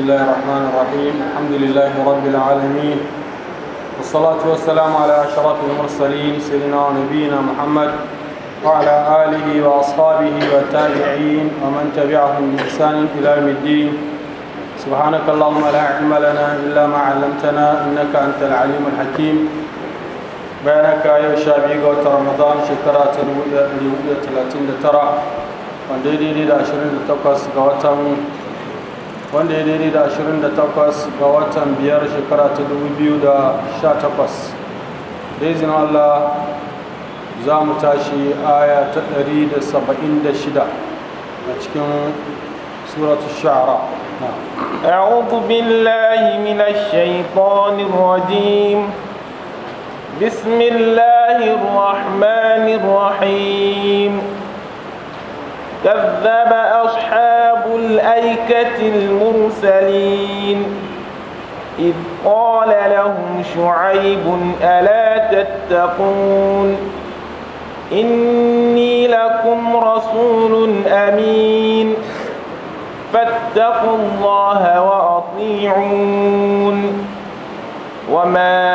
الله الرحمن الرحيم الحمد لله رب العالمين والصلاة والسلام على أشرف المرسلين سيدنا ونبينا محمد وعلى آله وأصحابه والتابعين ومن تبعهم بإحسان إلى يوم الدين سبحانك اللهم لا علم لنا إلا ما علمتنا إنك أنت العليم الحكيم بينك يا شابي قوت رمضان شكرا تلوية تلاتين لترى ونديري لأشرين لتقص قوتهم wanda ya daidai da 28 ga watan biyar shekara ta 2018 dai zina allah za mu tashi aya ta 176 a cikin suratu shara أعوذ بالله من الشيطان الرجيم بسم الله الرحمن الرحيم كذب أصحاب الأيكة المرسلين إذ قال لهم شعيب ألا تتقون إني لكم رسول أمين فاتقوا الله وأطيعون وما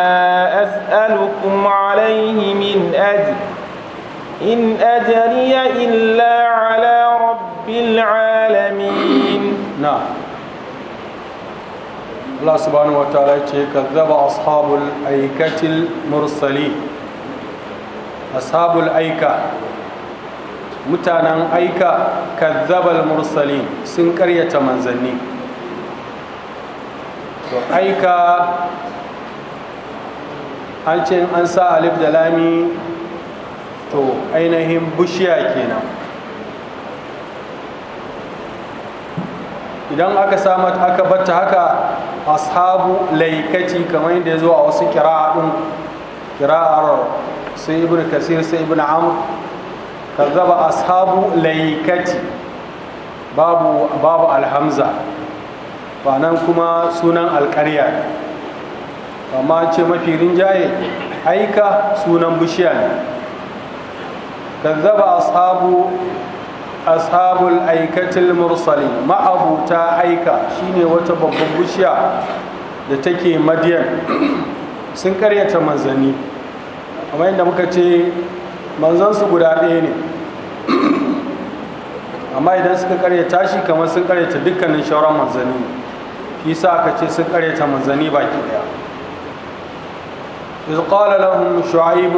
أسألكم عليه من أجر إن أجري إلا على رب العالمين نعم الله سبحانه وتعالى كذب أصحاب الأيكة المرسلين أصحاب الأيكة mutanen aika kazzabal mursalin sun karyata manzanni to aika an ce an sa alif da lami to ainihin bishiya kenan idan aka samu aka bata haka ashabu laikaci kamar yadda ya zo a wasu kira'adun kira'ar sai ibn kasir sai ibn amr kazzaba ashabu laikaci babu alhamza ba nan kuma sunan alkarya amma ce mafi rinjaye aika sunan bishiya ne kazzaba ashabu ashabul aikatil mursali ma'abuta aika shine wata babban bishiya da take madiyan sun karyata manzanni amma inda muka ce manzansu guda ɗaya ne amma idan suka karyata shi kamar sun karyata dukkanin shauran manzanni shi sa aka ce sun karyata manzanni baki ɗaya إذ قال لهم شعيب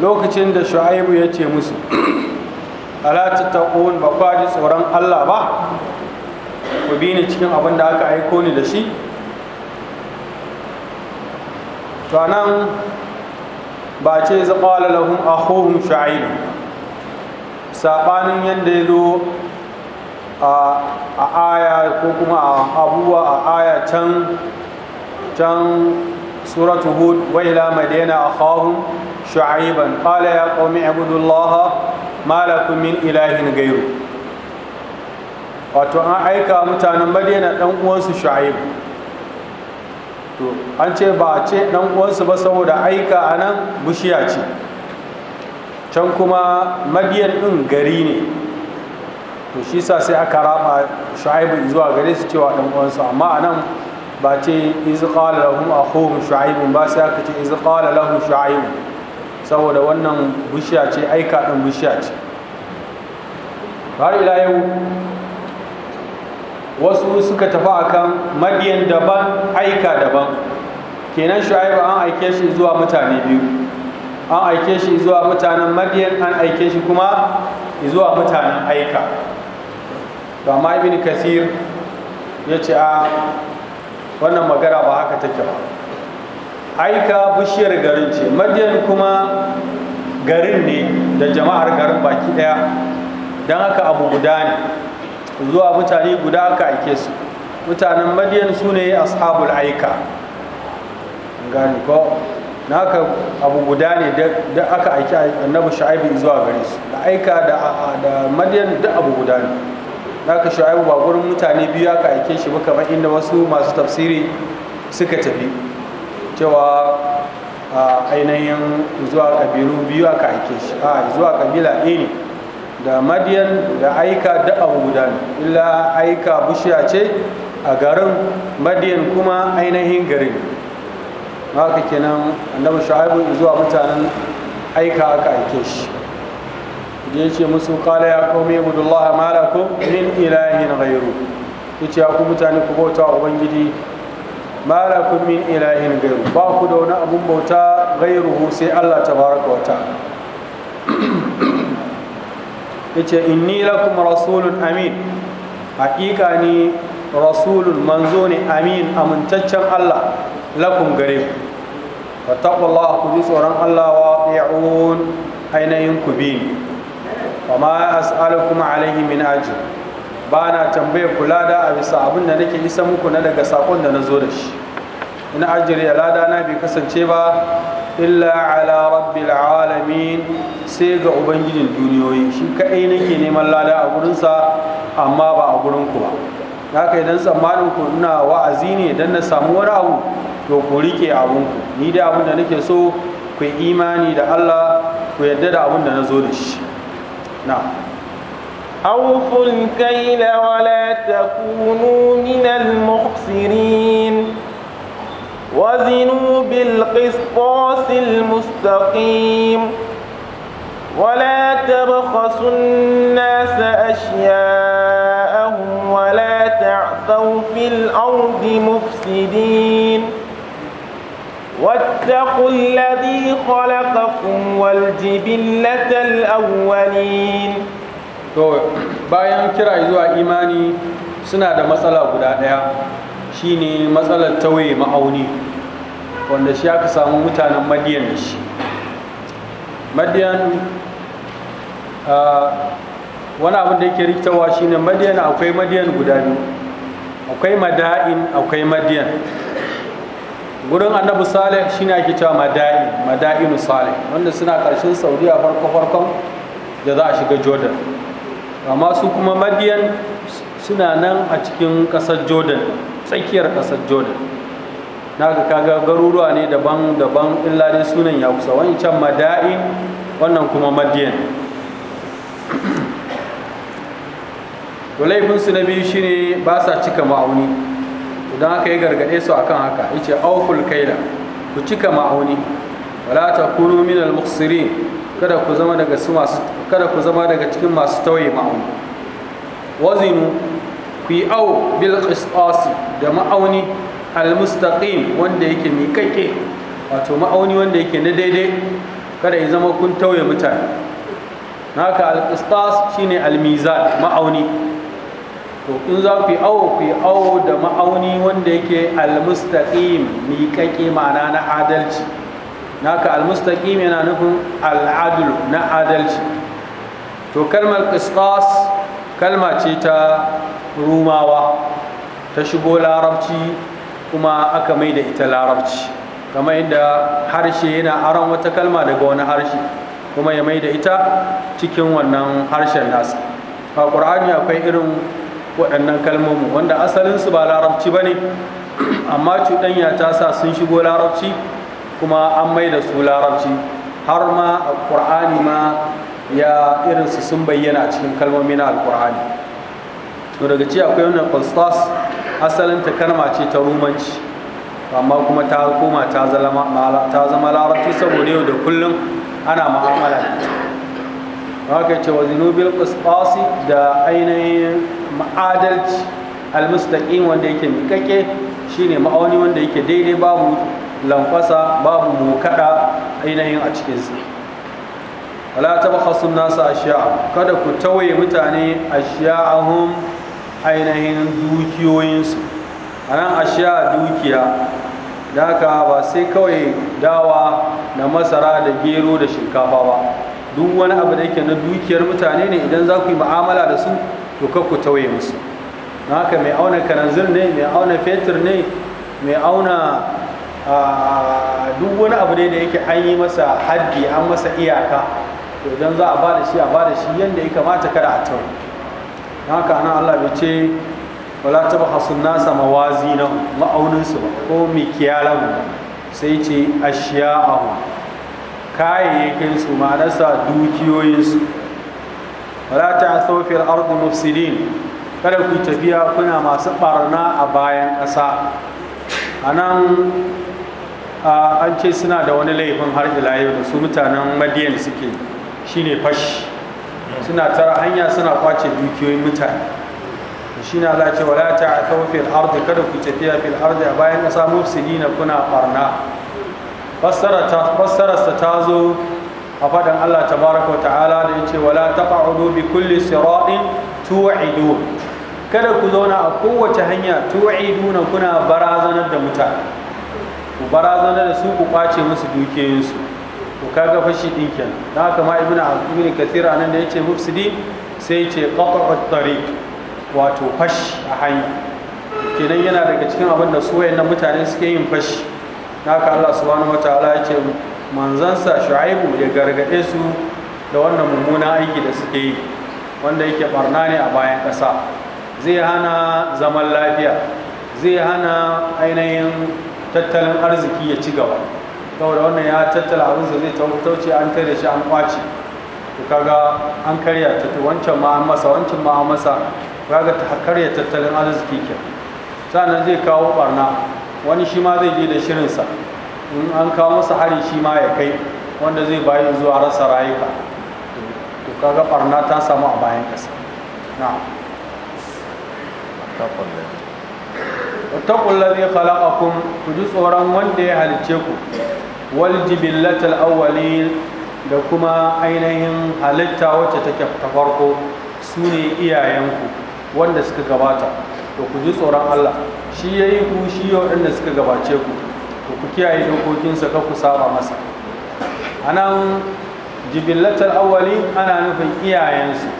lokacin da shu'aibu ya ce musu alati taqun ba kwa ji tsoron Allah ba ku bi ni cikin abin da aka aiko ni da shi to nan ba ce zaqala lahum akhuhum Saɓanin yadda ya zo a aya ko kuma a abuwa a aya can can سورة هود وإلى مدينة أخاهم شعيبا قال يا قوم اعبدوا الله ما لكم من إله غيره wato an aika mutanen madina dan uwansu shu'aib to an ce ba a ce dan uwansu ba saboda aika a nan bishiya ce can kuma madiyan din gari ne to shi sa sai aka raba shu'aib zuwa gare su cewa dan uwansu amma a nan ba ce izqala lahum akhuhum shu'aib ba sai aka ce izqala lahu shu'aib saboda wannan bishiya ce aika din bishiya ce har ila yau wasu suka tafi akan madiyan daban aika daban kenan shu'aib an aike shi zuwa mutane biyu an aike shi zuwa mutanen madiyan an aike shi kuma zuwa mutanen aika Ba ma ibn kasir ya ce a wannan magana ba haka take ba aika bishiyar garin ce madiyan kuma garin ne da jama'ar garin baki daya don haka abu guda ne zuwa mutane guda aka aike su mutanen madiyan su ne ashabul aika gani ko na haka abu guda ne da aka aiki Annabu shu'aibu zuwa gare su da aika da madiyan duk abu guda ne naka shu'aibu ba gurin mutane biyu aka aike shi ba kamar inda wasu masu tafsiri suka tafi cewa a ainihin zuwa kabilu biyu aka aike shi a zuwa kabila ɗaya ne da madiyan da aika da abu guda ne illa aika bushiya ce a garin madiyan kuma ainihin garin haka kenan annabi shu'aibu zuwa mutanen aika aka aike shi ya ce musu kala ya kome budullaha malakum min ilahin Gairu. ya ce ku mutane ku bauta wa ubangiji malakum min ilahin Gairu. ba ku da wani abun bauta Gairu, sai Allah tabaraka wa ta. ya ce inni lakum rasulun amin hakika ni rasulun manzo ne amin amintaccen Allah lakum gare ku fattakullah ku ji tsoron Allah wa ɗi'un ainihin ku bi wa ma as'alukum alaihi min ajr ba na tambaye kula da a bisa abin da nake isa muku na daga sakon da na zo da shi in ajri lada na bai kasance ba illa ala rabbil alamin sai ga ubangijin duniyoyi shi kaɗai nake neman lada a gurinsa amma ba a gurin ku ba haka idan tsammanin ku ina wa'azi ne dan na samu wani abu to ku rike abun ku ni da abin da nake so ku imani da Allah ku yarda da abin da na zo da shi نعم أوفوا الكيل ولا تكونوا من المخسرين وزنوا بالقسطاس المستقيم ولا تبخسوا الناس أشياءهم ولا تعثوا في الأرض مفسدين واتقوا الذي خلقكم والجبلة الأولين to bayan kira zuwa imani suna da matsala guda ɗaya shine matsalar tawaye ma'auni wanda shi aka samu mutanen madiyan da shi madiyan wani abin da yake rikitawa shine madiyan akwai madiyan guda biyu akwai mada'in akwai madiyan gurin annabi salih shine ake cewa mada'i mada'inu salih wanda suna karshen saudiya farko farkon da za a shiga jordan amma su kuma madiyan suna nan a cikin kasar jordan tsakiyar kasar jordan na ga kaga garuruwa ne daban-daban in lare sunan ya kusa wani can mada'i wannan kuma madiyan to laifinsu na biyu shine ba sa cika ma'auni don haka ya gargaɗe su akan haka yace auful kaila ku cika ma'auni wala takunu al muqsirin kada ku zama daga su masu kada ku zama daga cikin masu tauye ma'auni wazinu ku yi au bil qisas da ma'auni al mustaqim wanda yake kake wato ma'auni wanda yake na daidai kada ya zama kun tauye mutane haka al qisas shine al mizan ma'auni to in za ku yi awo ku yi awo da ma'auni wanda yake almustaqim miƙaƙe ma'ana na adalci naka almustaqim yana nufin al'adul na adalci to kalmar qisqas kalma ce ta rumawa ta shigo larabci kuma aka mai da ita larabci kamar yadda harshe yana aron wata kalma daga wani harshe kuma ya mai da ita cikin wannan harshen nasa a ƙur'ani akwai irin waɗannan kalmomi wanda asalinsu ba larabci ba ne amma cuɗanya ta sa sun shigo larabci kuma an mai da su larabci har ma a ƙur'ani ma ya irin su sun bayyana a cikin kalmomi na alƙur'ani to daga ci akwai wannan konstas asalin ta kalma ce ta rumanci amma kuma ta koma ta zama larabci saboda yau da kullum ana ma'amala haka ce wa zinubil da ainihin ma'adalci almustaƙi wanda yake miƙaƙe shine ma'auni wanda yake daidai babu lamfasa babu mokada ainihin a cikin sa wala tabakhasu nasa ashiya kada ku tawaye mutane ashiya'ahum ainihin dukiyoyinsu a anan ashiya dukiya da aka ba sai kawai dawa da masara da gero da shinkafa ba duk wani abu da yake na dukiyar mutane ne idan za ku yi mu'amala da su to ku tauye musu na haka mai auna kananzir ne mai auna fetur ne mai auna duk wani abu ne da yake an yi masa haddi an masa iyaka to idan za a bada shi a bada shi yadda ya kamata kada a tauye na haka ana Allah bai ce wala tabhasu nasa na ma'auninsu ba ko mikiyalahu sai ce ashiya'ahu kayayyakinsu ma'anarsa dukiyoyinsu wala ta fil ardu mufsidin kada ku tafiya kuna masu barna a bayan ƙasa a nan an ce suna da wani laifin har ila yau da su mutanen madiyan suke shine fashi suna tara hanya suna kwace dukiyoyin mutane shi na za ce wala ta fil ardu kada ku tafiya fil ardu a bayan ƙasa mufsidin kuna barna fassararsa ta zo a faɗin Allah tabaraka wa ta'ala da yace wala taq'udu bi kulli siratin tu'idu kada ku zauna a kowace hanya na kuna barazanar da mutane ku barazanar da su ku kwace musu dukiyoyinsu ku kaga fashi din kenan dan haka ma ibnu abdul kathira nan da yace mufsidi sai yace qat'u tariq wato fashi a hanya kenan yana daga cikin abin da su wayannan mutane suke yin fashi haka Allah subhanahu ta'ala ya ce manzansa shu'aibu ya gargaɗe su da wannan mummunan aiki da suke yi wanda yake barna ne a bayan kasa. zai hana zaman lafiya zai hana ainihin tattalin arziki ya ci gaba saboda wannan ya tattala abinsa zai tauce an tare shi an kwace to kaga an karya ta wancan ma an masa wancan ma an masa kaga ta karya tattalin arziki ke sannan zai kawo barna wani shi ma zai je da shirinsa in an kawo masa hari shi ma ya kai wanda zai bayi zuwa rasa rayuka to kaga barna ta samu a bayan kasa na wattaqul ladhi khalaqakum ku ji tsoron wanda ya halicce ku wal jibillatal awwalin da kuma ainihin halitta wacce take ta farko sune ne iyayenku wanda suka gabata to ku ji tsoron Allah shi ya yi ku shi waɗanda suka gabace ku ko ku kiyaye dokokinsa ka ku saba masa a nan jibillatar awali ana nufin iyayensu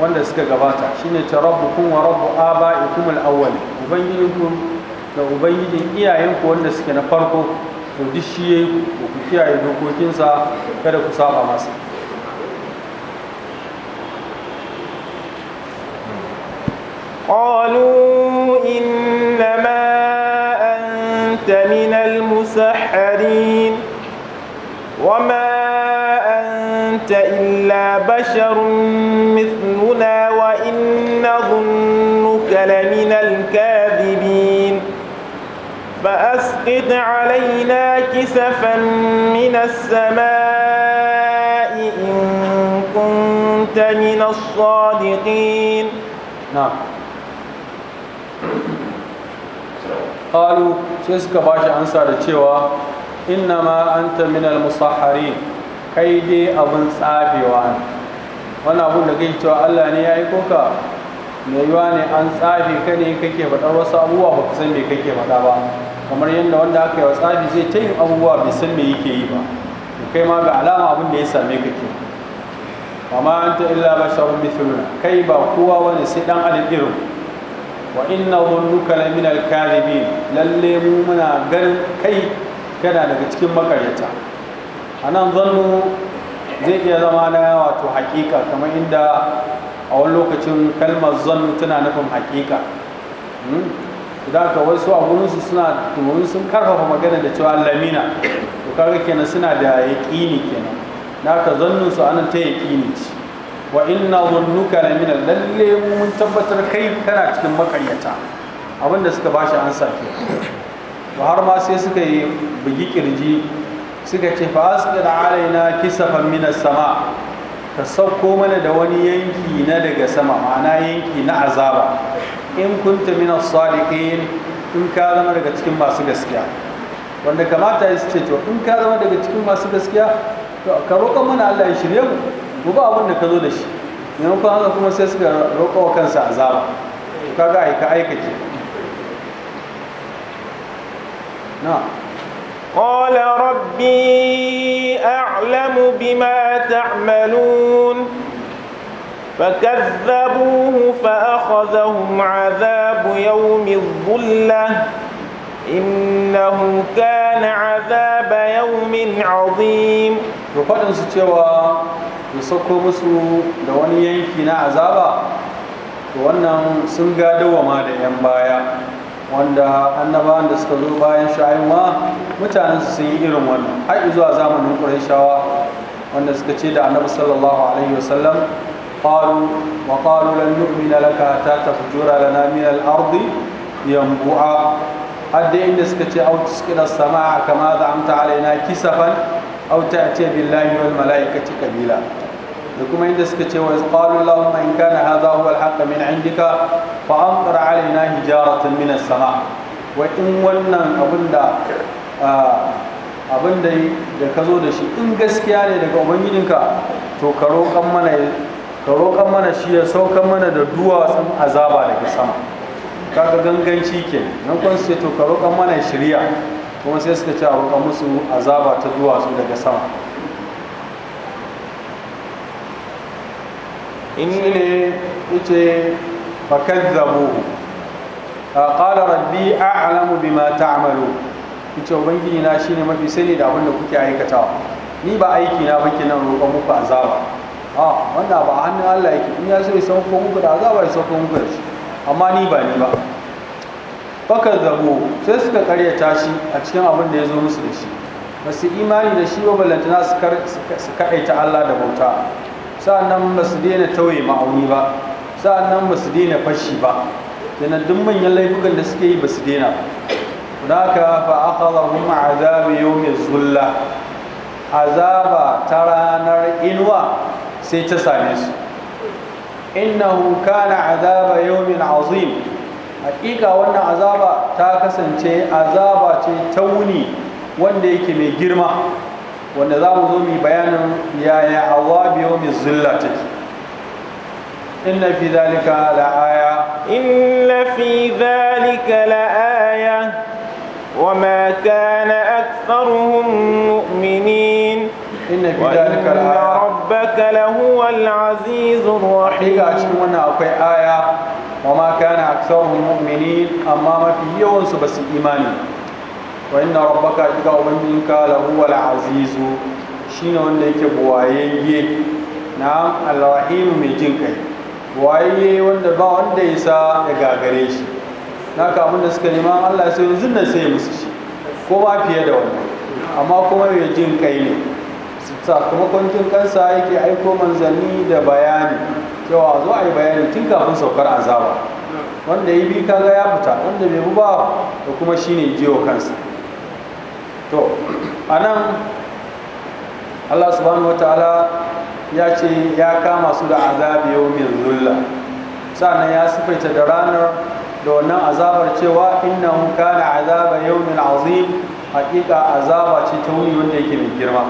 wanda suka gabata shine ta rabbukum wa rabbu aba'ikum al-awwali ku da ubangijin ku wanda suke na farko to duk shi ya yi ku ku kiyaye dokokinsa kada ku saba masa قالوا إن مسحرين وما أنت إلا بشر مثلنا وإن نظنك لمن الكاذبين فأسقط علينا كسفا من السماء إن كنت من الصادقين نعم qalu sai suka shi ansa da cewa ma anta min al-musahharin kai dai abin tsabewa ne wani abun da kai cewa Allah ne ya yi koka mai yiwa ne an tsabe ka ne kake faɗar wasu abubuwa ba kusan san kake faɗa ba kamar yadda wanda aka yi wa tsafi zai ta yin abubuwa bai san me yake yi ba kai ma ga alama abin da ya same ka ke amma an ta illa basharun mithluna kai ba kowa wani sai dan adam irin wa inna dhunnuka la min al-kadhibin lalle mu muna ganin kai kana daga cikin makaryata anan zannu zai iya zama na wato hakika kamar inda a wani lokacin kalmar zannu tana nufin hakika hmm? da ka wai su a suna domin sun karfafa magana da cewa lamina to kaga kenan suna da yaƙini kenan naka ka su anan ta yaqini ce wa inna dhunnuka la min lalle mun tabbatar kai kana cikin makaryata abinda suka bashi an sake to har ma sai suka yi bugi kirji suka ce fa asqil alaina kisafan min as-sama ka sauko mana da wani yanki na daga sama ma'ana yanki na azaba in kunta min as-sadiqin in ka zama daga cikin masu gaskiya wanda kamata ya ce to in ka zama daga cikin masu gaskiya to ka roƙa mana Allah ya shirye mu mu ba abin da ka zo da shi maimakon haka kuma sai suka roƙo wa kansa a zama ka ga ka aikace na Qala rabbi a'lamu bima ta'malun fakazzabuhu fa akhadhahum 'adhabu yawmi dhulla innahu kana 'adhaba yawmin 'adhim to fadin su cewa Ku sauko musu da wani yanki na azaba to wannan sun gadawama da 'yan baya wanda annabawan da suka zo bayan sha'inwa mutanen su sun yi irin wannan har zuwa zamanin ƙurayshawa wanda suka ce da annabi sallallahu alaihi wasallam qalu wa qalu lan nu'mina laka hatta tafjura lana min al-ardi yanbu'a dai inda suka ce au tusqina samaa kama za'amta alaina kisafan au ta'ti billahi wal mala'ikati kabila da kuma inda suka ce wa qalu allahumma in kana hadha huwa al-haqq min indika fa amtir alaina hijaratan min as-sama wa in wannan abinda abinda da ka zo da shi in gaskiya ne daga ubangijinka to ka roƙan mana ka roƙan mana shi ya saukan mana da duwatsun azaba daga sama kaga ganganci ke nan kun sai to ka roƙan mana shiriya kuma sai suka ce a roƙa musu azaba ta duwatsu daga sama in ne yace fakazzabu qala rabbi a'lamu bima ta'malu yace ubangiji na shine mafi sani da abinda kuke aikatawa ni ba aiki na ba kenan roƙon muku azaba a wanda ba hannun Allah yake in ya so ya sauko muku da azaba ya sauko muku da shi amma ni ba ni ba fakar zabo sai suka karyata shi a cikin abin da ya zo musu da shi ba su imani da shi ba ballantana su kaɗaita Allah da bauta sa'annan ba su daina tauye ma'auni ba sa'annan ba su daina fashi ba kenan duk manyan laifukan da suke yi ba su daina ba haka fa akhadhahum azabu yawmi zulla azaba ta ranar inuwa sai ta same su innahu kana azaba yawmin azim Haƙiƙa wannan azaba ta kasance azaba ce ta wuni wanda yake mai girma wanda za mu zo mu bayanin yaya hawa biyo mai zilla take inna fi zalika aya inna fi zalika la'aya wa ma kana aktharuhum mu'minin inna fi zalika aya rabbaka lahuwa al aziz ar rahim ga cikin wannan akwai aya wa ma kana aktharuhum mu'minin amma mafi yawan su basu imani wa inna rabbaka hakika ubangijinka lahu wal azizu shine wanda yake buwayayye na alrahimu mai jin kai buwayayye wanda ba wanda ya sa ya gagare shi na kamun da suka nema Allah sai yanzu na sai musu shi ko ba fiye da wannan amma kuma mai jin kai ne sakamakon jin kansa yake aiko manzanni da bayani cewa zo a yi bayani tun kafin saukar azaba wanda ya bi kaga ya fita wanda bai bi ba da kuma shine jiyo kansa to anan Allah subhanahu ta'ala ya ce ya kama su da azabi yawmin zulla sannan ya sifaita da ranar da wannan azabar cewa inna kana azaba yawmin azim hakika azaba ce ta wuni wanda yake mai girma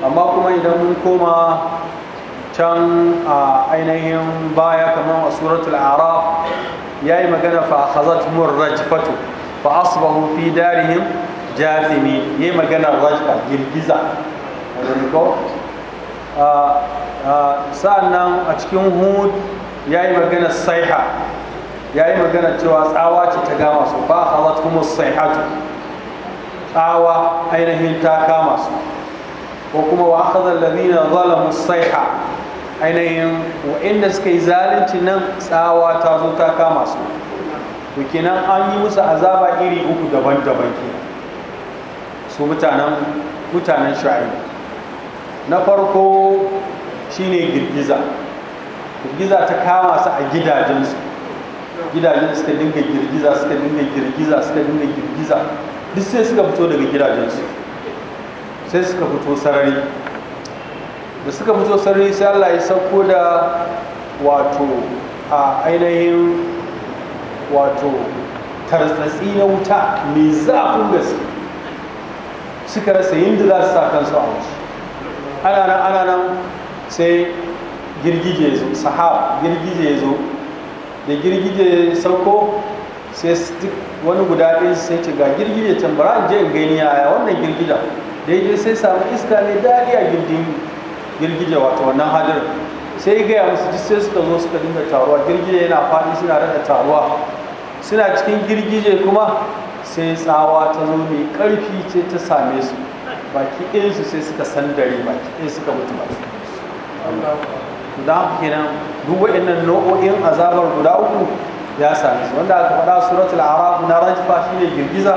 amma kuma idan mun koma can a ainihin baya kamar a suratul araf ya yi magana fa khazat mur rajfatu fa asbahu fi darihim jafini ya yi magana rajka girgiza sa'annan a cikin hud ya yi magana saiha ya yi magana cewa tsawa ce ta gama su ba halat kuma saihatu tsawa ainihin ta kama su ko kuma wa aka zallabi na zalamu saiha ainihin inda suka yi zalunci nan tsawa ta zo ta kama su to kenan an yi musu azaba iri uku daban-daban kenan su mutanen mutanen na farko shine girgiza girgiza ta kama su a gidajensu gidajen suka dinga girgiza suka dinga girgiza suka dinga girgiza duk sai suka fito daga gidajensu sai suka fito sarari da suka fito sarari sai Allah ya sauko da wato a ainihin wato tarzatsi na wuta mai zafin gaske suka rasa yin da za su sa kansu a wuce ana nan ana nan sai girgije ya zo sahab girgije ya zo da girgije ya sauko sai duk wani guda ɗin sai ce ga girgije can bara in je in gani yaya wannan girgija da ya je sai samu iska ne daɗi a gindin girgije wato wannan hadir sai ya gaya musu duk sai suka zo suka dinga taruwa girgije yana faɗi suna rada taruwa suna cikin girgije kuma sai tsawa ta zo mai ƙarfi ce ta same su baki ɗinsu sai suka sandare baki ɗin suka mutu ba da kenan duk waɗannan nau'o'in azabar guda uku ya same su wanda aka faɗa suratul araf na rajfa shine girgiza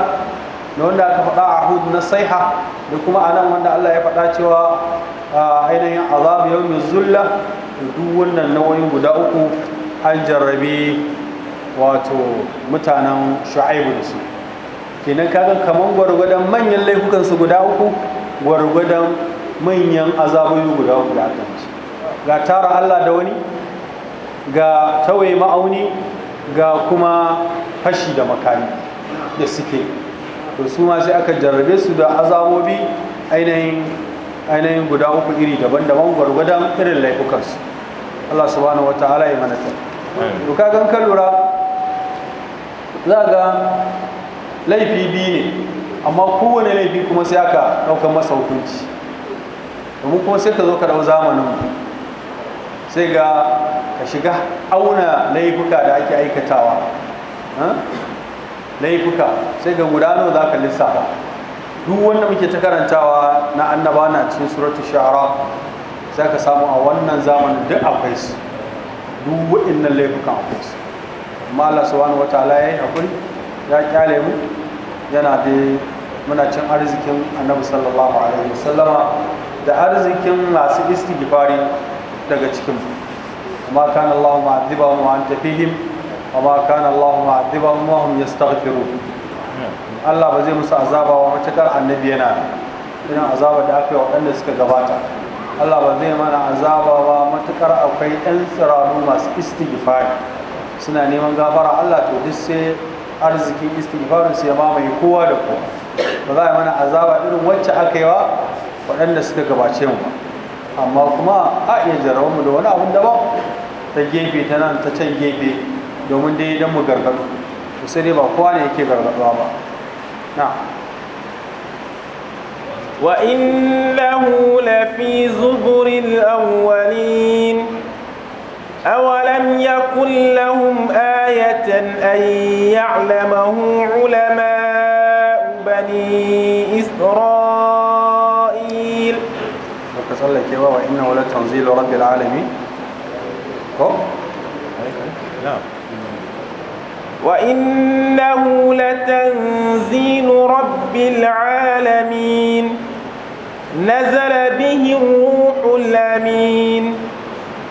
da wanda aka faɗa a hud na saiha da kuma a nan wanda Allah ya faɗa cewa ainihin azabu yau mai zulla da duk wannan nau'o'in guda uku an jarrabe wato mutanen shu'aibu da su kenan kaga kaman gwargwadon manyan laifukan su guda uku gwargwadon manyan azabuyu guda uku da ga tara Allah da wani ga tawaye ma'auni ga kuma fashi da makami da suke to su ma sai aka jarrabe su da azabobi ainihin ainihin guda uku iri daban-daban gwargwadon irin laifukansu Allah subhanahu wata'ala ya manata to kagan kan lura za ga laifi biyu ne amma kowane laifi kuma sai aka ɗaukar masa hukunci domin kuma sai ka zo ka ɗau zamanin sai ga ka shiga auna laifuka da ake aikatawa hm? laifuka sai ga gudanar za ka lissafa duk wanda muke ta karantawa na annaba na cikin suratu shara sai ka samu a wannan zamanin duk akwai su duk nan laifukan akwai su amma Allah subhanahu wata yayi hakuri ya kyale mu yana da muna cin arzikin annabi sallallahu alaihi wasallama da arzikin masu istighfari daga cikin amma kana Allahu ma'adiba wa anta fihim amma kana Allahu ma'adiba wa hum yastaghfiru Allah ba zai musu azaba wa matakar annabi yana Ina azaba da aka yi waɗanda suka gabata Allah ba zai mana azaba ba matakar akwai ɗan tsirarru masu istighfari suna neman gafara Allah to duk sai arziki istighfar sai ya mamaye kowa da kowa ba za a mana azaba irin wacce aka yi wa waɗanda suka gabace mu amma kuma a iya jarabar mu da wani abun daban ta gefe ta nan ta can gefe domin dai idan mu gargaɗo to sai dai ba kowa ne yake gargaɗuwa ba na wa وإنه لفي zuburil awwalin أولم يكن لهم آية أن يعلمه علماء بني إسرائيل وكسر لك وإنه لتنزيل رب العالمين نعم وإنه لتنزيل رب العالمين نزل به الروح الأمين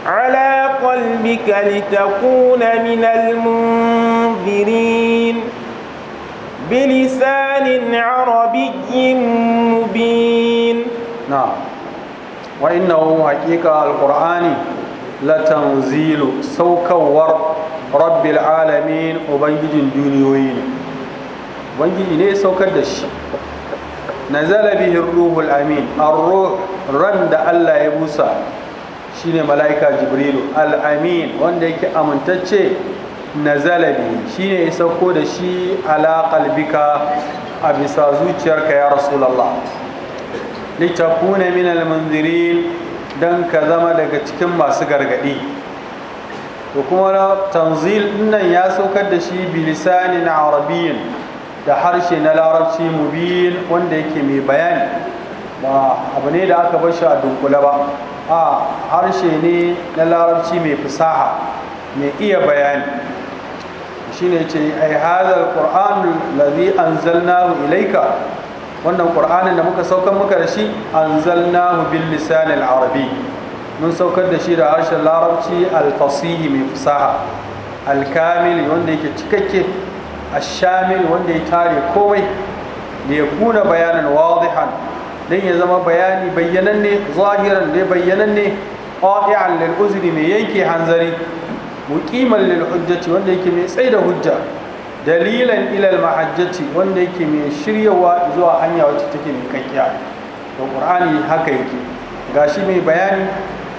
على قلبك لتكون من المنذرين بلسان عربي مبين نعم وإنه حقيقة القرآن لتنزيل سوكور رب العالمين وبنجد الدنيوين وبنجد ne saukar da shi nazala bihi ruhul amin ar-ruh ran da Allah ya busa shine mala'ika jibrilu Al-Amin, wanda yake amintacce na zalabi shine ya sauko da shi ala qalbika a bisa zuciyarka ya rasulallah ne min almunzirin dan ka zama daga cikin masu gargadi to kuma tanzil nan ya saukar da shi bilisanin arabiyyin da harshe na larabci mubin wanda yake mai bayani ba abu ne da aka bashi a dunkule ba a harshe ne na larabci mai fasaha mai iya bayani shine ce ai hadal qur'an an anzalnahu ilaika wannan qur'anin da muka sauka muka da shi an bil lisan al arabi mun saukar da shi da harshen larabci alfasihi mai fasaha al kamil wanda yake cikakke al shamil wanda ya tare komai da ya kuna bayanan wazihan dan ya zama bayani bayyananne zahiran da bayyananne qati'an lil uzri mai yanke hanzari muqiman lil hujjati wanda yake mai tsaida hujja dalilan ilal mahajjati wanda yake mai shiryawa zuwa hanya wacce take mai kakkiya to qur'ani haka yake gashi mai bayani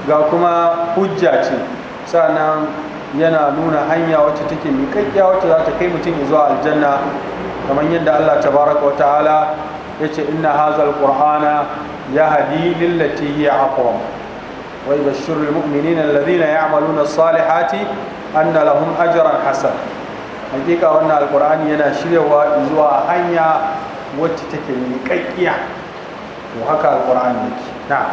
ga kuma hujja ce sannan yana nuna hanya wacce take mai kakkiya wacce za ta kai mutum zuwa aljanna kamar yadda Allah tabaraka wa ta'ala yace inna hazal qur'ana yahdi lillati hiya aqwam wa yubashshiru almu'minina alladhina ya'maluna as-salihati anna lahum ajran hasana hakika wannan alqur'ani yana shiryawa zuwa hanya wacce take miƙaƙƙiya to haka alqur'ani yake na'am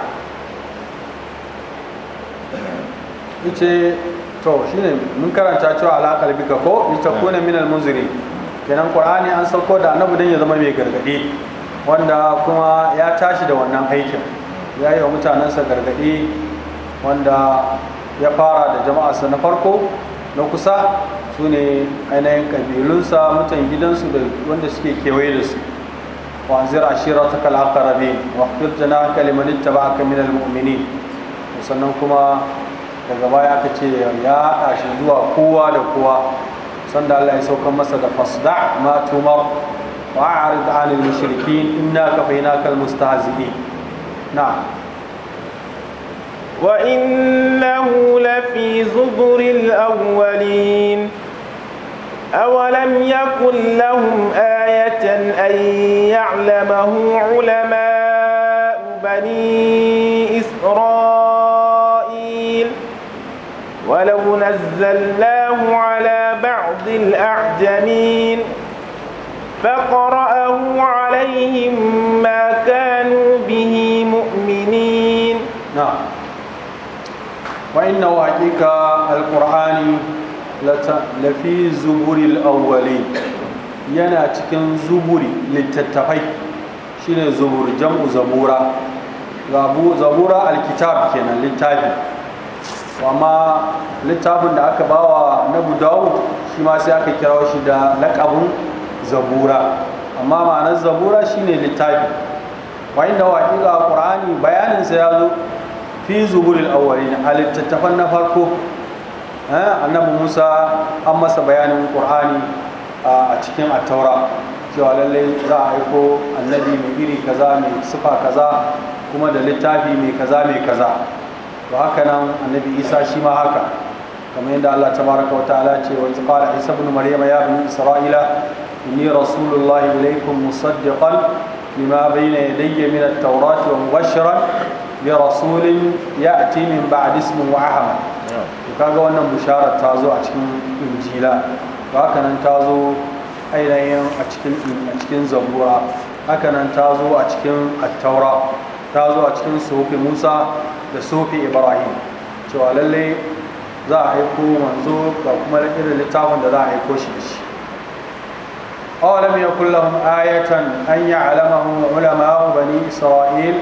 yace to shine mun karanta cewa alaƙar bika ko ita kuna minal munziri kenan qur'ani an sauko da annabi dan ya zama mai gargadi wanda kuma ya tashi da wannan aikin ya yi wa mutanensa gargaɗi wanda ya fara da jama'arsa na farko na kusa su ne ainihin ƙabilunsa mutan gidansu da wanda suke kewaye da su wanzir shirar ta kalakarabe wakil jana kalimanin ta ba aka minal mu'mini sannan kuma daga baya aka ce ya ashe zuwa kowa da kowa sanda Allah ya saukan masa da fasda ma tumar وأعرض عن المشركين إنا كفيناك المستهزئين نعم وإنه لفي زبر الأولين أولم يكن لهم آية أن يعلمه علماء بني إسرائيل ولو نزلناه على بعض الأعجمين فقرأه عليهم ما كانوا به مؤمنين نعم وإنه حقيقة القرآن لفي زبور الأولين yana cikin zuburi littattafai shine zubur jam'u zabura zabura alkitab kenan littafi amma littafin da aka bawa na budawud shi sai aka kira shi da laƙabin zabura amma ma'anar zabura shine littafi wa inda waƙiƙa ƙur'ani sa ya zo fi zuburil awwalin a littattafan na farko eh, annabi musa an masa bayanin ƙur'ani a cikin attaura cewa lallai za a aiko annabi mai iri kaza mai sufa kaza kuma da littafi mai kaza mai kaza to haka nan annabi isa shi ma haka kamar yadda allah tabaraka wa ta'ala ce wanzu qala isa ibn maryama ya bani isra'ila إني رسول الله إليكم مصدقا لما بين يدي من التوراة ومبشرا برسول يأتي من بعد اسمه أحمد kaga wannan bushara ta zo a cikin injila hakanan ta zo ainihin a cikin a cikin zabura hakanan ta zo a cikin attaura ta zo a cikin musa da sofi ibrahim cewa lallai za a aiko manzo ga kuma irin littafin da za a aiko shi da shi أولم يكن لهم آية أن يعلمه علماء بني إسرائيل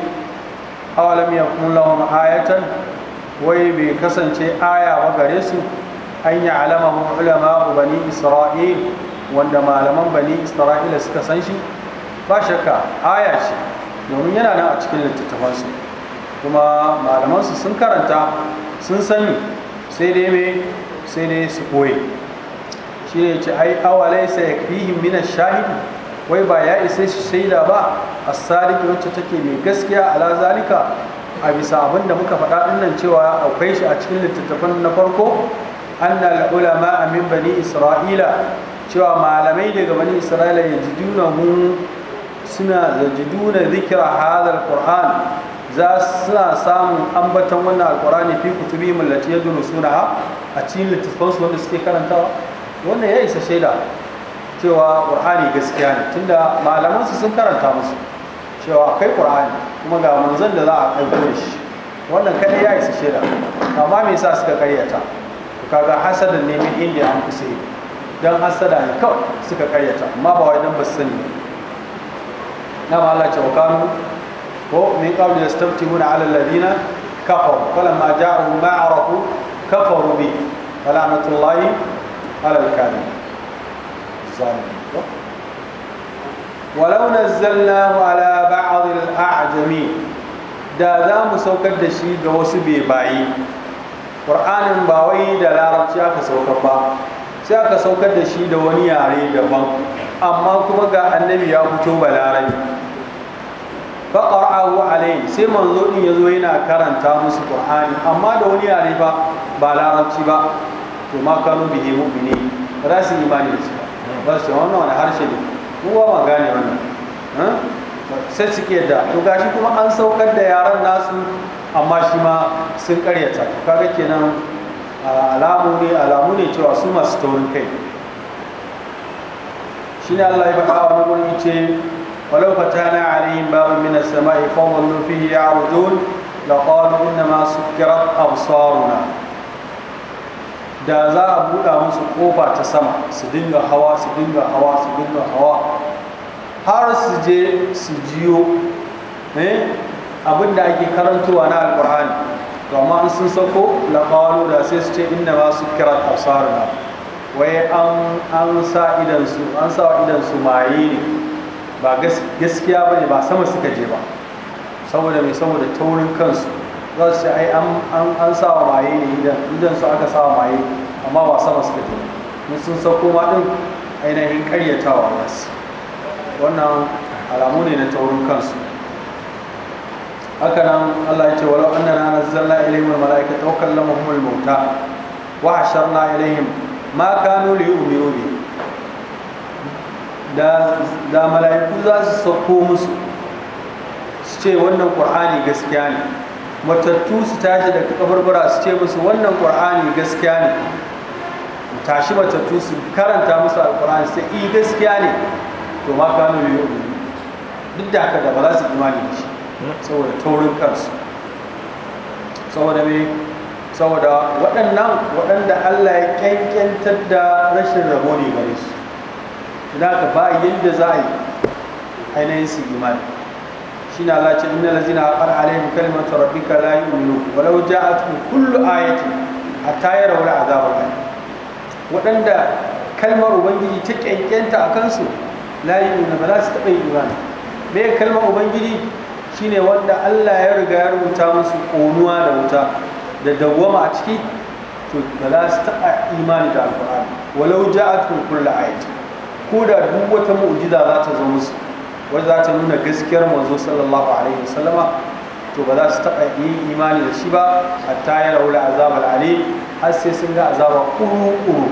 أولم يكن لهم آية ويبي كسن آية وقريس أن يعلمه علماء بني إسرائيل وعندما لمن بني إسرائيل سكسنشي باشكا آية domin yana nan a cikin littattafansu kuma malamansu sun karanta sun sani sai dai mai sai dai su koyi shi ya ce ai awalai sa ya fihin minan shahidi wai ba ya isa shi shaida ba a sadiki wacce take mai gaskiya ala zalika a bisa abin da muka faɗa dinnan cewa akwai shi a cikin littattafan na farko anna ulama min bani isra'ila cewa malamai daga bani isra'ila yajiduna hum suna yajiduna zikra hadha za suna samun ambatan wannan alkurani fi kutubi duna suna a cikin littattafan su wanda suke karantawa wannan ya isa shaida cewa ƙur'ani gaskiya ne tunda malamansu sun karanta musu cewa akwai ƙur'ani kuma ga manzon da za a aiko da shi wannan kadai ya isa shaida amma me sa suka karyata kaga hasadan ne min inda an kusa dan hasada ne kawai suka karyata amma ba wai dan ba sani na ma Allah ce wa kanu ko min qabli yastabtihuna ala alladhina kafaru falamma ja'ahum ma kafaru bi falamatullahi alal kani zamani ba walau nazzalnahu ala ba'd al a'jami da za mu saukar da shi ga wasu bebayi qur'anin ba wai da larabci aka saukar ba sai aka saukar da shi da wani yare daban amma kuma ga annabi ya fito balarabi faƙar'ahu alai sai manzo ya zo yana karanta musu ƙur'ani amma da wani yare ba ba larabci ba to ma kanu bihi mu'mini ba za su imani da su ba su su wannan wani harshe ne mu ma gane wannan sai suke da to gashi kuma an saukar da yaran nasu amma shi ma sun karyata to kaga kenan alamu ne alamu ne cewa su masu taurin kai shine Allah ya faɗa wa mun yace walau fatana alaihim babun min as-sama'i fa wallu fihi ya'rudun laqalu inna ma sukkirat absaruna da za a buɗa musu ƙofa ta sama su dinga hawa su dinga hawa su dinga hawa har su je su jiyo eh, abin da ake karantowa na alƙur'ani to amma an sun sako laƙalu da sai su ce inda ba su kira tafsaruna wai an sa idansu an sa idansu maye ne ba gaskiya bane ba sama suka je ba saboda mai saboda taurin kansu za su ce ai an sa wa maye ne idan idan su aka sa wa maye amma ba sama suka je Mun sun sauko ma din ainihin karyatawa za su wannan alamu ne na taurin kansu haka nan Allah ya ce walau annana nazzalna ilayhim almalaikata wa kallamahum almauta wa hasharna ilayhim ma kanu liyu'minu bi da da mala'iku za su sauko musu su ce wannan qur'ani gaskiya ne matattu su tashi daga kabarbara su ce musu wannan ƙur'ani gaskiya ne tashi matattu su karanta musu alƙur'ani sai i eh, gaskiya ne to ma nuna yi duk da haka da ba za su imani da shi saboda taurin kansu saboda me saboda waɗannan waɗanda Allah ya kyankyantar da rashin rabo ne gare su idan ka ba yadda za a yi ainihin su imani shine Allah ce innal ladzina aqara alaihim kalimatu rabbika la yu'minu walau ja'atuhum kullu ayatin hatta yarawul azabul alim waɗanda kalmar ubangiji ta kyankyanta a kansu la yu'minu ba za su taɓa yin imani me kalmar ubangiji shine wanda Allah ya riga ya rubuta musu ƙonuwa da wuta da dawwama a ciki to ba za su taɓa imani da alƙur'ani walau ja'atuhum kullu ayatin ko da duk wata mu'ujiza za ta zo musu wadda za ta nuna gaskiyar manzo sallallahu alaihi wasallama to ba za su taɓa yi imani da shi ba hatta da raula azabar ali har sai sun ga azaba kuru-kuru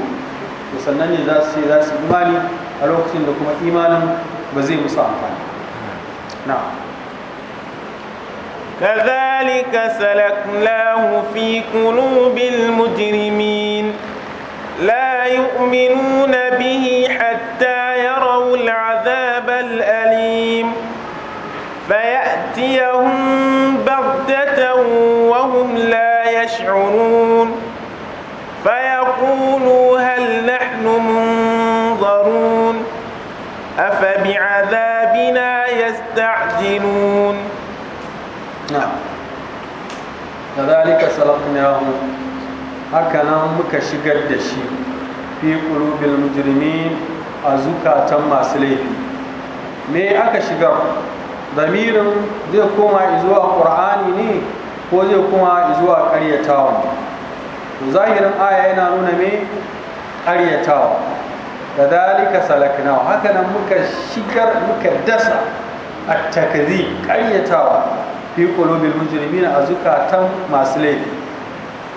to sannan ne za su ce za su imani a lokacin da kuma imanin ba zai musu amfani na'am كذلك سلكناه في قلوب المجرمين لا يؤمنون به حتى العذاب الأليم فيأتيهم بغتة وهم لا يشعرون فيقولوا هل نحن منظرون أفبعذابنا يستعجلون نعم كذلك سلطناه هكذا مكشقت دشي في قلوب المجرمين a zukatan masu laifi me aka shigar damirin zai koma zuwa ƙur'ani ne ko zai koma zuwa ƙaryatawa zahirin aya yana nuna me ƙaryatawa da dalika salaknawa haka nan muka shigar muka dasa a takazi ƙaryatawa fi kulubin mujrimin a zukatan masu laifi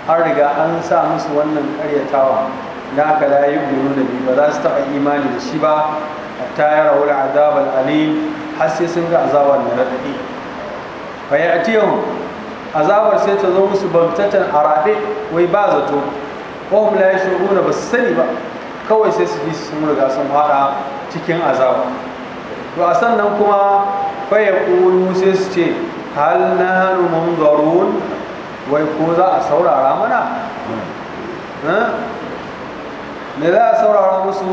har riga an sa musu wannan ƙaryatawa da aka la yu'minu da ba za su taɓa imani da shi ba a yara wal azab al alim har sai sun ga azabar na radadi fa ya'tiyahum azabar sai ta zo musu bamtatan arabe wai ba zato mu la yashuruna ba su sani ba kawai sai su ji sun riga sun haɗa cikin azaba to a sannan kuma faya ƙulu sai su ce hal na hannu mun wai ko za a saurara mana hmm. eh? me za a saurara musu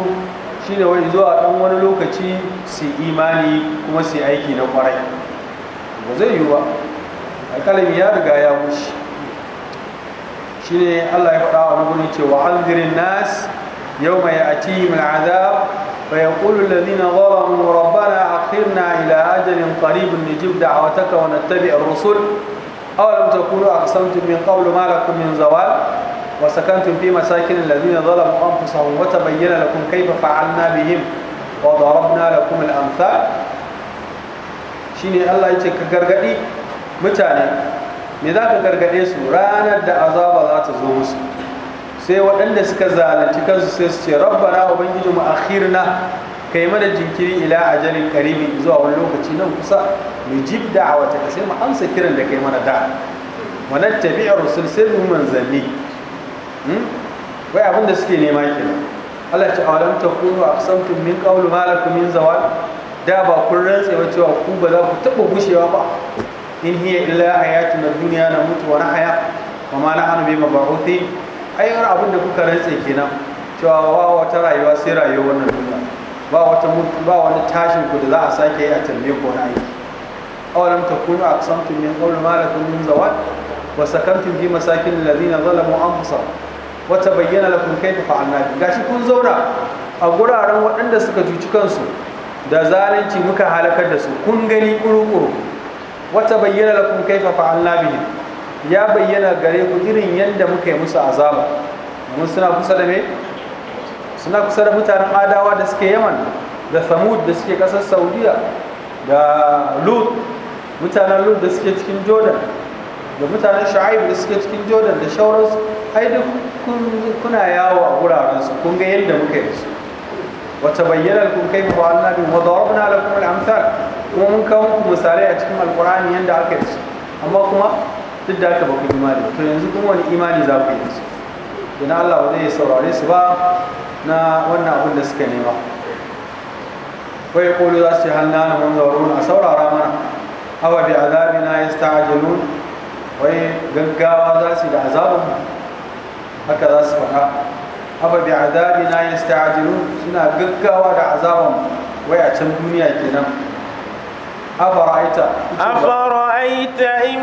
shine wai zuwa dan wani lokaci su imani kuma su aiki na kwarai ba zai yi ba alkalami ya riga ya wuce shine Allah ya faɗa wani gurin cewa anzirin nas yawma mai al'azab fa yaqulu alladhina zalamu rabbana akhirna ila ajalin qarib najib da'wataka wa nattabi ar-rusul aw lam takunu aqsamtum min qawli ma min zawal وسكنتم في مساكن الذين ظلموا أنفسهم وتبين لكم كيف فعلنا بهم وضربنا لكم الأمثال Allah الله ka غرغدي mutane me za ka gargaɗe su ranar da azaba za ta zo musu sai waɗanda suka zalunci kansu sai su ce rabbana ubangiji mu akhirna kai mana jinkiri ila ajalin karibi zuwa wani lokaci nan kusa mu jib da'awata sai mu amsa kiran da kai mana da wa nattabi'a rusul sai Hmm? wai abin da suke nema kenan Allah ce awalam a aqsamtum min kawulu ma lakum min zawal da ba kun rantsewa cewa ku ba za ku taɓa gushewa ba in hiya illa hayatun duniya na mutu na haya ba ma nahnu bi mabuthi ai wani abin da kuka rantse kenan cewa ba wata rayuwa sai rayuwar wannan duniya ba wata mutu ba wani tashin ku da za a sake yi a tambaye ku wani aiki awalam a aqsamtum min kawulu ma lakum min zawal wa sakantum fi masakin alladhina zalamu anfusahum wata bayyana lakum kaifa fa'alna gashi kun zaura. a guraren waɗanda suka cuci kansu da zalunci muka halakar da su kun gani ƙuruƙuru wata bayyana lakum kaifa fa'alna biyu ya bayyana gare ku irin yadda muka yi musu azaba domin suna kusa da mutanen adawa da suke yaman da samud da suke ƙasar saudiya da lut mutanen lut da suke cikin jordan da mutanen sha'ib da suke cikin jordan da shauransu ai duk kuna yawo a su, kun ga yadda muka yi su wata bayyana kun kai ba Allah bin wa darabna lakum al-amsal kuma mun kawo muku misalai a cikin alqur'ani yadda aka yi su amma kuma duk da haka ba ku imani to yanzu kuma wani imani za ku yi su don Allah ba zai saurare su ba na wannan abin da suka nema wai kulu za su ce hannana mun zaurun a saurara mana awa bi azabina yasta'jilun wai gaggawa za su da azabun haka za su faɗa haba bi yin sta'adiru suna gaggawa da azabun wai a can duniya kenan أفرأيت أفرأيت إن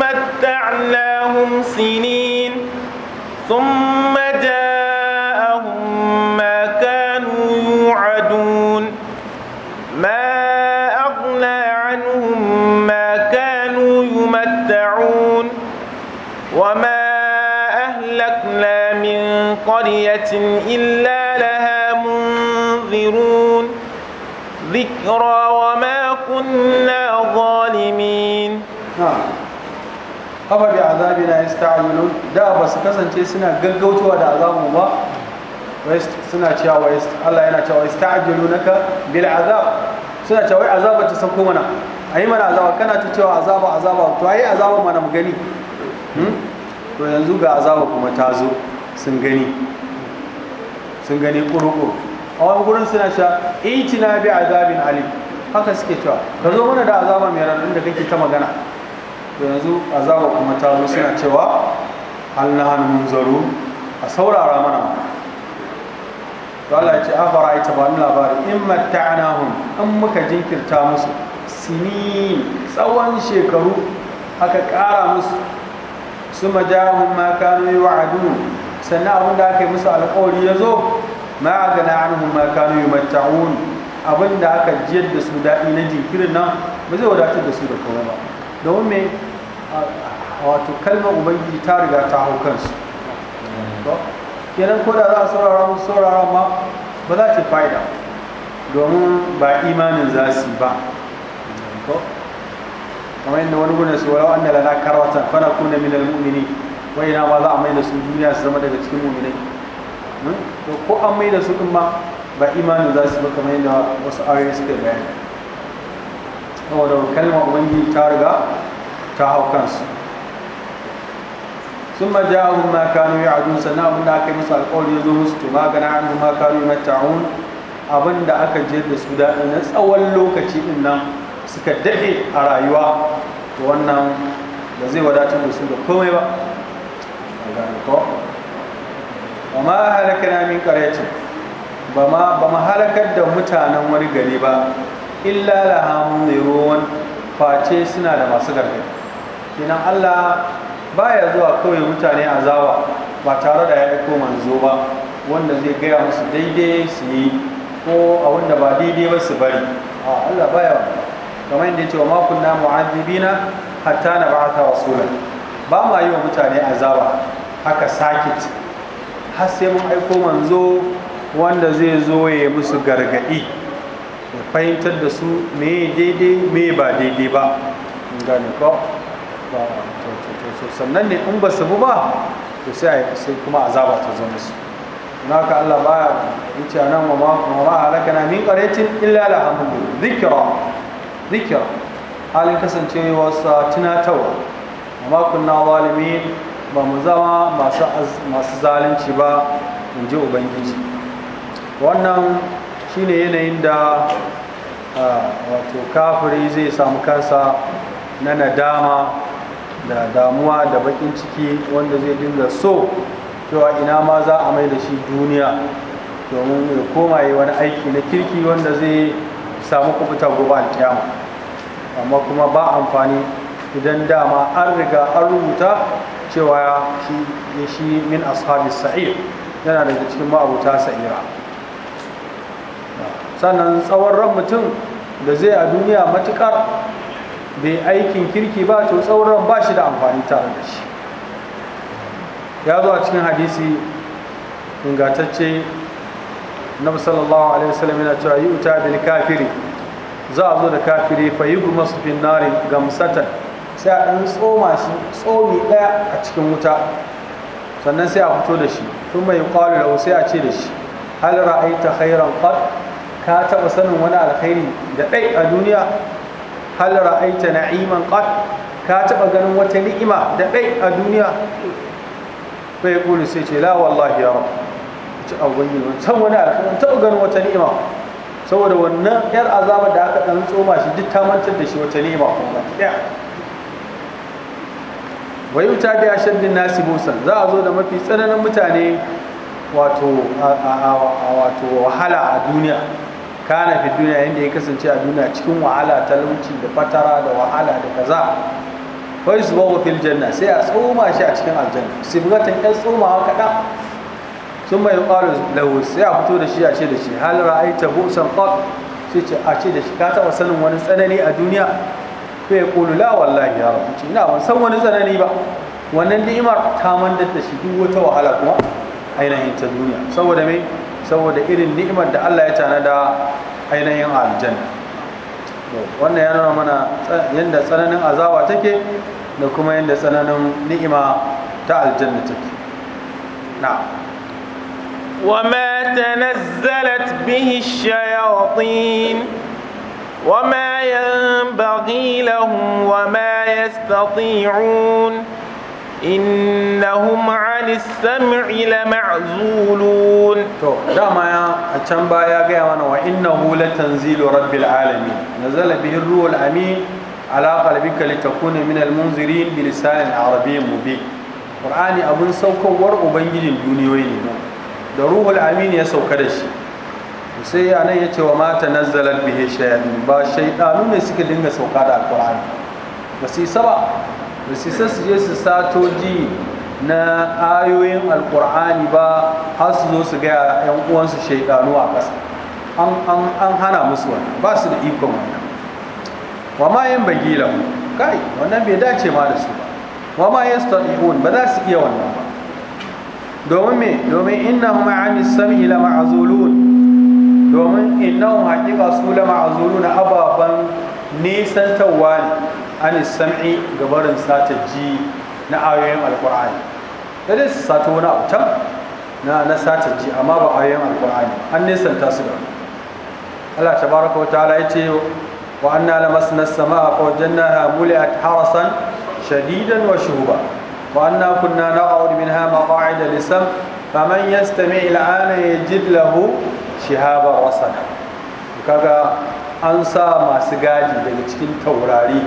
متعناهم سنين ثم جاء قرية إلا لها منذرون ذكرى وما كنا ظالمين أفبي عذابنا يستعجلون دا بس كسن شيء قلقوتوا دا عذابهم ما cewa wa Allah yana cewa ista'jilunaka bil azab suna cewa azaba ta sauko mana ayi mana azaba kana ta cewa azaba azaba to ayi azaba mana mu gani to yanzu ga azaba kuma ta zo sun gani sun gani kurukuru a wani gurin suna sha na bi azabin alim haka suke cewa ka zo mana da azaba mai ranar da kake ta magana to yanzu azaba kuma ta zo suna cewa hal na hannun zaro a saurara mana to Allah ya ce fara ita ba labari in hun an muka jinkirta musu sini tsawon shekaru aka ƙara musu su majahun ma yi sannan abin da aka yi musu alƙawari ya zo ma agana anhum ma kanu yumatta'un abin da aka jiyar da su daɗi na jinkirin nan ba zai wadatar da su da kowa ba domin me wato kalmar ubangiji ta riga ta hau kansu kenan ko da za a saurara mu saurara ma ba za ta fa'ida domin ba imanin za su ba kamar yadda wani gudun su walau an da lalakar watan fana kuna minal mu'mini wayana ba za a mai da su duniya su zama daga cikin muminai hmm? to ko an mai da su din ma ba imani za su baka mai da wasu ayoyi suka bayani saboda kalmar ubangiji ta riga ta hau kansu sun da aka yi كانوا alkawari ya zo ya to masu gana ما ma عنهم ya mata hun abin da aka je da su daɗi na tsawon lokaci ɗin nan suka daɗe a rayuwa to wannan ba zai wadatar da su da komai ba ko wa ma halakana min qaryatin ba ma ba ma halakar da mutanen wani gari ba illa mai ruwan face suna da masu gargadi kinan Allah baya zuwa kawai mutane azawa ba tare da ya aiko manzo ba wanda zai gaya musu daidai su yi ko a wanda ba daidai ba su bari a Allah baya kamar yadda ya ce wa ma hatta na ba'atha rasula ba ma yi wa mutane azaba haka sakit har sai mun aiko manzo wanda zai zo ya musu gargadi ya fahimtar da su me ya daidai me ba daidai ba gane ko ba to to to to sannan ne in ba su bu ba to sai sai kuma azaba ta zo musu naka Allah ba ya yace nan ma ma ma halaka na min qaratin illa la hamdu zikra zikra halin kasancewa sa tunatawa ma kunna zalimin ba mu zama masu zalunci ba in ji ubangiji wannan shine yanayin da wato kafiri zai samu kansa na nadama da damuwa da bakin ciki wanda zai dinga so cewa ina ma za a mai da shi duniya domin ya koma yi wani aiki na kirki wanda zai samu kubuta gobe alkyama amma kuma ba amfani idan dama an riga an rubuta cewa ya shi min ashabis sa'ir yana daga cikin ma'abuta sa'ira sannan tsawon ran mutum da zai a duniya matukar bai aikin kirki ba to tsawon ran ba shi da amfani tare da shi ya zo a cikin hadisi ingatacce na musallallahu alaihi wasallam yana cewa yi uta bil kafiri za a zo da kafiri fa yi gumasufin finnarin gamsatan sai a ɗan tsoma shi tsomi ɗaya a cikin wuta sannan sai a fito da shi tun mai ƙwari da sai a ce da shi hal ra'aita khairan qad ka taɓa sanin wani alkhairi da ɗai a duniya hal ra'aita na'iman qad ka taɓa ganin wata ni'ima da ɗai a duniya bai kuli sai ce la wallahi ya rabu ci a ubangiji san wani alkhairin taɓa ganin wata ni'ima saboda wannan yar azabar da aka ɗan tsoma shi duk ta mantar da shi wata ni'ima kuma ɗaya wa yuta biya ashaddin nasi busan za a zo da mafi tsananin mutane wato wato wahala a duniya kana fi duniya yadda ya kasance a duniya cikin wahala talauci da fatara da wahala da kaza su yusbahu fil janna sai a tsoma shi a cikin aljanna sibgatan ɗan tsomawa kaɗan sun mai ƙwaro lahu sai a fito da shi a ce da shi hal ra'aita busan qat sai ce a ce da shi ka taɓa sanin wani tsanani a duniya ya yaqulu la wallahi ya rabbi ina ban san wani tsanani ba wannan ni'imar ta mandar da shi duk wata wahala kuma ainihin ta duniya saboda mai saboda irin ni'imar da Allah ya da ainihin aljanna wannan ya nuna mana yadda tsananin azawa take da kuma yadda tsananin ni'ima ta aljanna take na وما تنزلت به الشياطين وما ينبغي لهم وما يستطيعون innahum ani sam'i lama'zulun to dama ya a can baya gaya mana wa innahu latanzilu rabbil alamin nazala bihi ruhul amin ala qalbika litakuna min almunzirin bi lisanin arabiyyin mubin qur'ani abun saukowar ubangijin duniyoyi ne da ruhul amin ya sauka da shi sai ya nan ya ce wa mata nazzalar bihe shayadu ba shaidanu ne suka dinga sauka da alkur'ani ba su yi ba ba su isa su je su sato ji na ayoyin alkur'ani ba har su zo su gaya yan uwansu shaidanu a ƙasa an hana musu wani. ba su da ikon wannan wa ma yin bagila kai wannan bai dace ma da su ba wa ma yin yastati'un ba za su iya wannan ba domin me domin innahum 'anis sam'i ila ma'azulun domin innan hakika su lama a zuru na ababen nisantarwa ne an sam'i ga barin sata ji na ayoyin alkur'ani da dai su sato wani abu can na na sata ji amma ba ayoyin alkur'ani an nisanta su da Allah ta baraka wa ta'ala ya ce wa anna sama a samaa fa wajadnaha muli'at harasan shadidan wa shuhuba wa anna kunna naq'udu minha maq'ida lisam faman yastami' al ya yajid lahu shihabar wasana kaga an sa masu gadi daga cikin taurari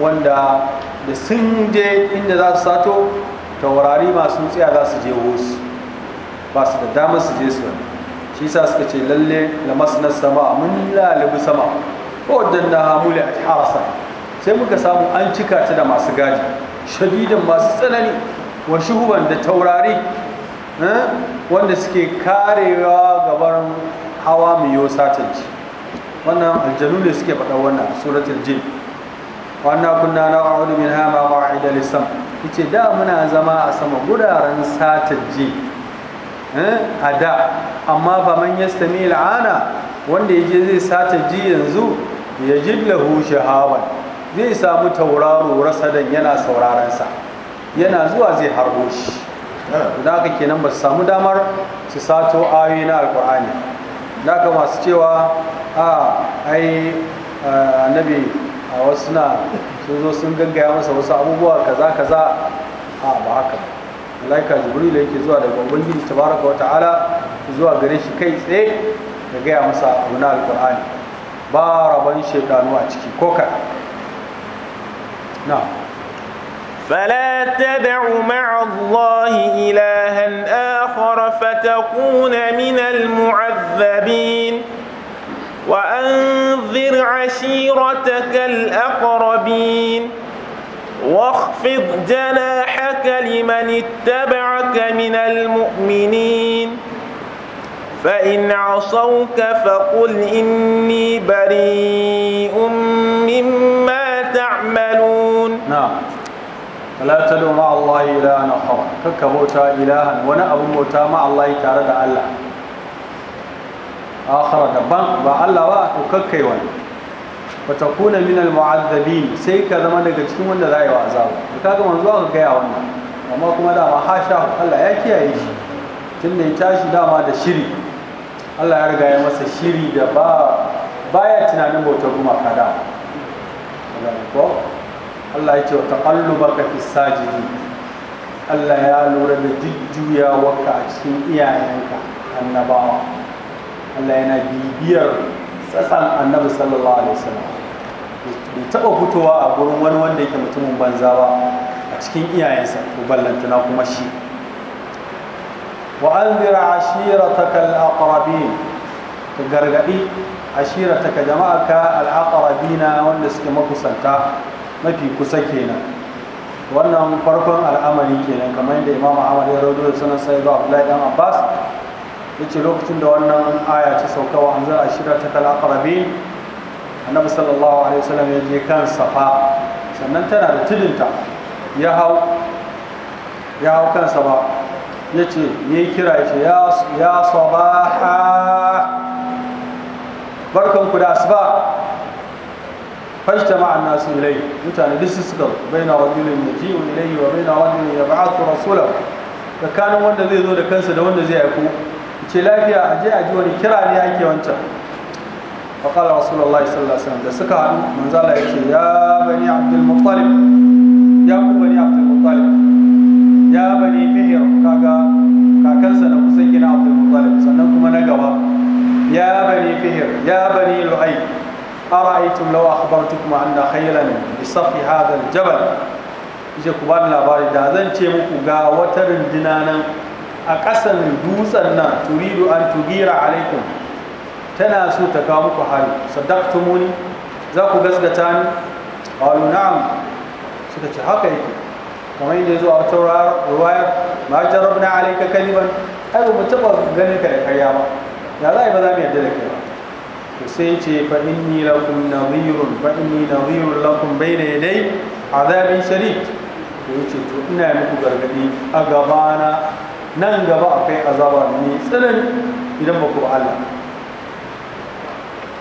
wanda da sun je inda za su sato taurari masu tsaya za su je wasu ba su da damar su je su shi sa suka ce lalle na masnar sama mun lalibi sama ko na hamuli a harasa sai muka samu an cika ta da masu gadi shadidan masu tsanani wa shuhuban da taurari Eh? wanda suke karewa gaban hawa mai yiwu satanci wannan aljanu ne suke faɗa wannan suratul jin wannan kunna na a'udu min hama qa'ida lisam ita da muna zama a sama guraren satanci eh? a da amma fa man yastami al'ana wanda yaje zai satanci yanzu Ya ji lahu shahawan zai samu tauraro rasadan yana sauraransa yana zuwa zai harbo shi da haka kenan ba su samu damar su sato ayoyi na alkur'ani da haka masu cewa a ai annabi a wasu na sun zo sun gaggaya masa wasu abubuwa kaza kaza a ba haka laika jibril yake zuwa daga ubangiji baraka wa ta'ala zuwa gare shi kai tsaye ka gaya masa abu na alkur'ani ba rabon shekaru a ciki ko ka na فلا تدع مع الله إلها آخر فتكون من المعذبين وأنذر عشيرتك الأقربين واخفض جناحك لمن اتبعك من المؤمنين فإن عصوك فقل إني بريء مما تعملون نعم wala ta doma Allah ilahan akhar kakka bauta ilahan wani abun bauta ma Allah tare da Allah akhara daban ba Allah ba to kakkai wani wata kuna min almu'azzabin sai ka zama daga cikin wanda za a yi wa azabu da kaga manzo aka gaya wannan amma kuma dama hasha Allah ya kiyaye shi Tunda da ya tashi dama da shiri Allah ya riga ya masa shiri da ba baya tunanin bautar gumaka da Allah ya ce wa taqallubaka fi sajidi Allah ya lura da jujjuyawarka a cikin iyayenka annabawa Allah yana bibiyar tsatsan annabi sallallahu alaihi wasallam bai taɓa fitowa a gurin wani wanda yake mutumin banza ba a cikin iyayensa ko ballantana kuma shi wa anzira ashirataka al-aqrabin ka gargadi ashirataka jama'aka al-aqrabina wanda suke makusanta mafi kusa kenan wannan farkon al'amari kenan kamar yadda imam ahmad ya rawaito da sunan sai ba abdullahi dan abbas Ya ce lokacin da wannan aya ta sauka wa a ashira ta kal A annabi sallallahu alaihi wasallam ya je kan safa sannan tana da tudunta ya hau ya hau kan safa ya yi kira ya ya ya sabaha barkanku da asuba فاجتمع الناس إليه متان لسسقل بين رجل يجيء إليه وبين رجل يبعث رسوله فكان وانا ذي ذو لكنسة وانا زي أكو تلافيا أجي أجواني كراني أيكي وانتا فقال رسول الله صلى الله عليه وسلم لسكا من زال يكي يا بني عبد المطلب يا بني عبد المطلب يا بني مهر كاكا كاكنسة نقصينا عبد المطلب سننكم نقبا يا بني فهر يا بني لؤي ara'aytum law akhbartukum anna khaylan bi safi hadha al-jabal yace ku bani labari da zan ce muku ga wata rundina a ƙasan dutsen nan turidu an tugira alaikum tana so ta kawo muku hali saddaqtumuni za ku gaskata ni qalu na'am suka ce haka yake kamar yadda zuwa wata ruwayar ma jarabna alayka kaliman ai ba mu taba ganin ka da karya ba ya za a yi ba mu yarda da kai to sai ce fa inni lakum nadhirun fa inni nadhirun lakum bayna yaday azabin shadid to yace to ina muku gargadi a gabana nan gaba akwai azaba ne tsirin. idan ba ku Allah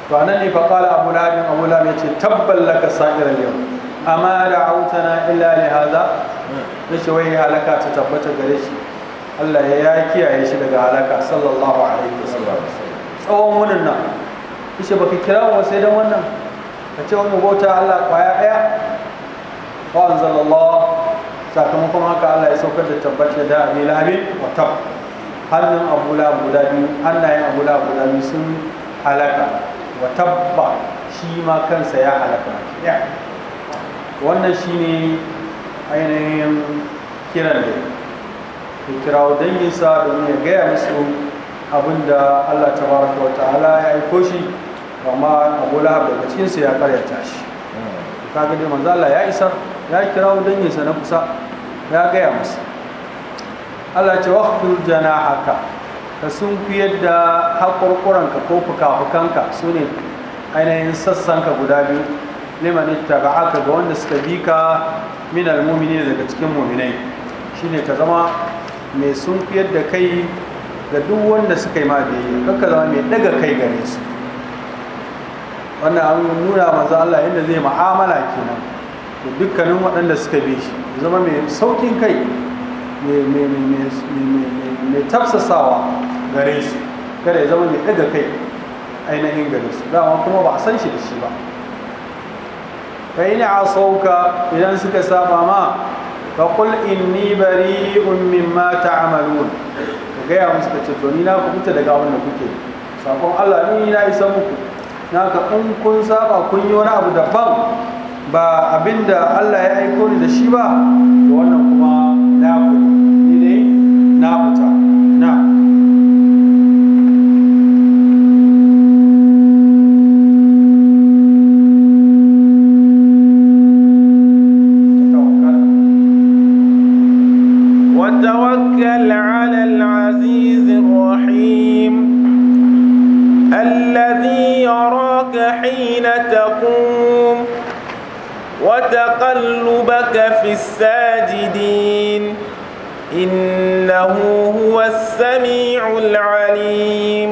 to anan ne fa qala abu lahab abu lahab yace tabbal laka sa'ir al-yawm amma da'awtana illa li hadha yace wai halaka ta tabbata gare shi Allah ya kiyaye shi daga halaka sallallahu alaihi wasallam tsawon wannan nan ishe baka kira mu sai dan wannan ka ce wani bauta Allah kwaya daya wa anzalallah sakamakon haka Allah ya saukar da tabbata da abi wa tab hannun abu labi guda biyu hannayen abu labi guda biyu sun halaka wa tabba shi ma kansa ya halaka wannan shine ainihin kiran da ya dangin danginsa domin ya gaya musu abinda Allah baraka wa ta'ala ya aiko shi amma abu lahab daga cikinsu ya karyata shi kaga dai manzo Allah ya isar ya kirawo danginsa na kusa ya gaya masu. ala ce waqtul janahaka ka sun fi yadda haƙurƙuranka ko fukafukanka fukanka su ne ainihin sassan ka guda biyu liman ittaba'aka ga wanda suka bi ka min almu'mini daga cikin mu'minai shine ka zama mai sun fi yadda kai ga duk wanda suka yi ma biyu kakka zama mai daga kai gare su wannan an nuna manzo Allah yadda zai mu'amala kenan da dukkanin waɗanda suka bi shi zama mai saukin kai mai tafsasawa gare su kada ya zama mai ɗaga kai ainihin gare su dama kuma ba a san shi da shi ba kai ne a sauka idan suka saba ma ka bari inni ma ta amalun ka gaya musu ka ce to ni na ku fita daga wanda kuke sakon Allah ni na isa muku Naka in kun saba kun yi wani abu daban ba abinda Allah ya aiko ni da shi ba wannan kuma الساجدين إنه هو السميع العليم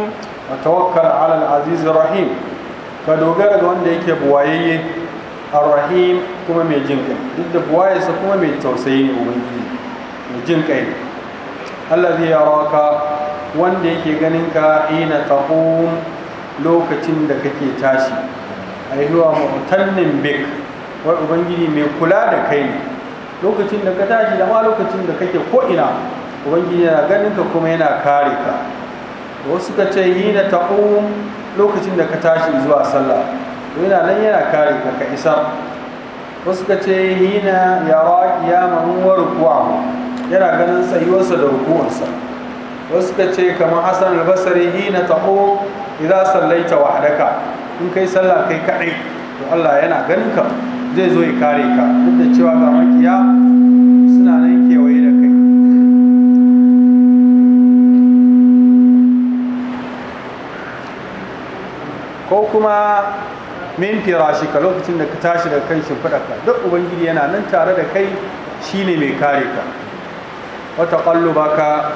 وتوكل على العزيز الرحيم كدوغر وند yake buwaye الرحيم كما mai jin kai duk da buwayarsa kuma mai tausayi ne ubangiji wanda yake ganin ka ina taqum lokacin da kake tashi aihuwa mutannin bik wa ubangiji mai kula da kai ne lokacin da ka tashi da ma lokacin da kake ko ina ubangiji yana ganin ka kuma yana kare ka wasu ka ce yi na ta'um lokacin da ka tashi zuwa sallah yana nan yana kare ka ka isa wasu ka ce yi na yawa ya wa ruku'ahu yana ganin tsayuwarsa da rukuwarsa wasu ka ce kamar hasan albasari yi na ta'um idan sallaita wahdaka in kai sallah kai kaɗai to Allah yana ganin ka zai zo ya kare ka duk da cewa ga makiya suna nan kewaye da kai ko kuma min firashi ka lokacin da ka tashi daga kan shimfiɗarka duk ubangiji yana nan tare da kai shine mai kare ka wata ƙwallo baka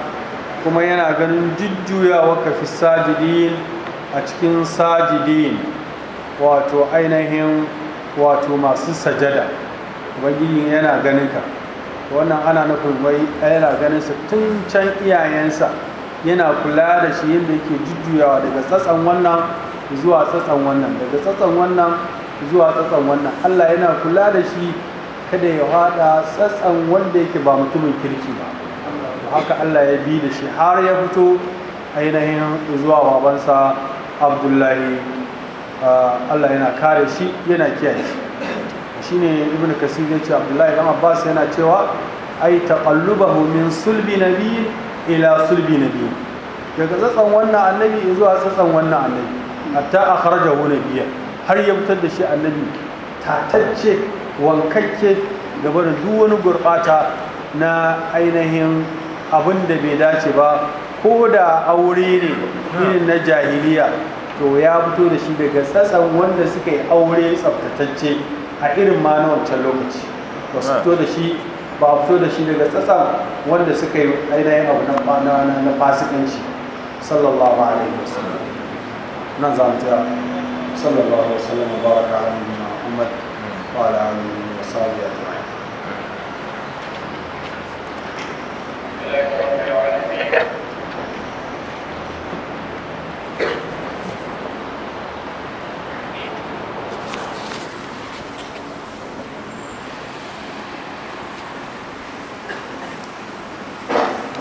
kuma yana ganin jujjuyawa ka fi sajidin a cikin sajidin wato ainihin wato masu sajada ubangiji yana ganin ka wannan ana nufin wai yana ganin su tun can iyayensa yana kula da shi yadda yake jujjuyawa daga tsatsan wannan zuwa tsatsan wannan daga tsatsan wannan zuwa tsatsan wannan Allah yana kula da shi kada ya hada tsatsan wanda yake ba mutumin kirki ba haka Allah ya bi da shi har ya fito ainihin zuwa babansa Abdullahi Ah, Allah yana kare shi yana kiyaye shi shine ibn kasir ya ce abdullahi dan abbas yana cewa ai taqallubahu min sulbi nabi ila sulbi nabi daga tsatsan wannan annabi zuwa tsatsan wannan annabi hatta akhrajahu nabiyya har ya fitar da shi annabi tatacce wankakke gaba da duk wani gurbata na ainihin abin da bai dace ba ko da aure ne irin na jahiliya to ya fito da shi daga tsatsan wanda suka yi aure tsaftatacce a irin ma na wancan lokaci ba su fito da shi ba a fito da shi daga tsatsan wanda suka yi ainihin abu na fasikanci sallallahu alaihi wasallam nan za mu tsaya sallallahu alaihi wasallam wa baraka na Umar, muhammad wa ala na wa sahbihi ajma'in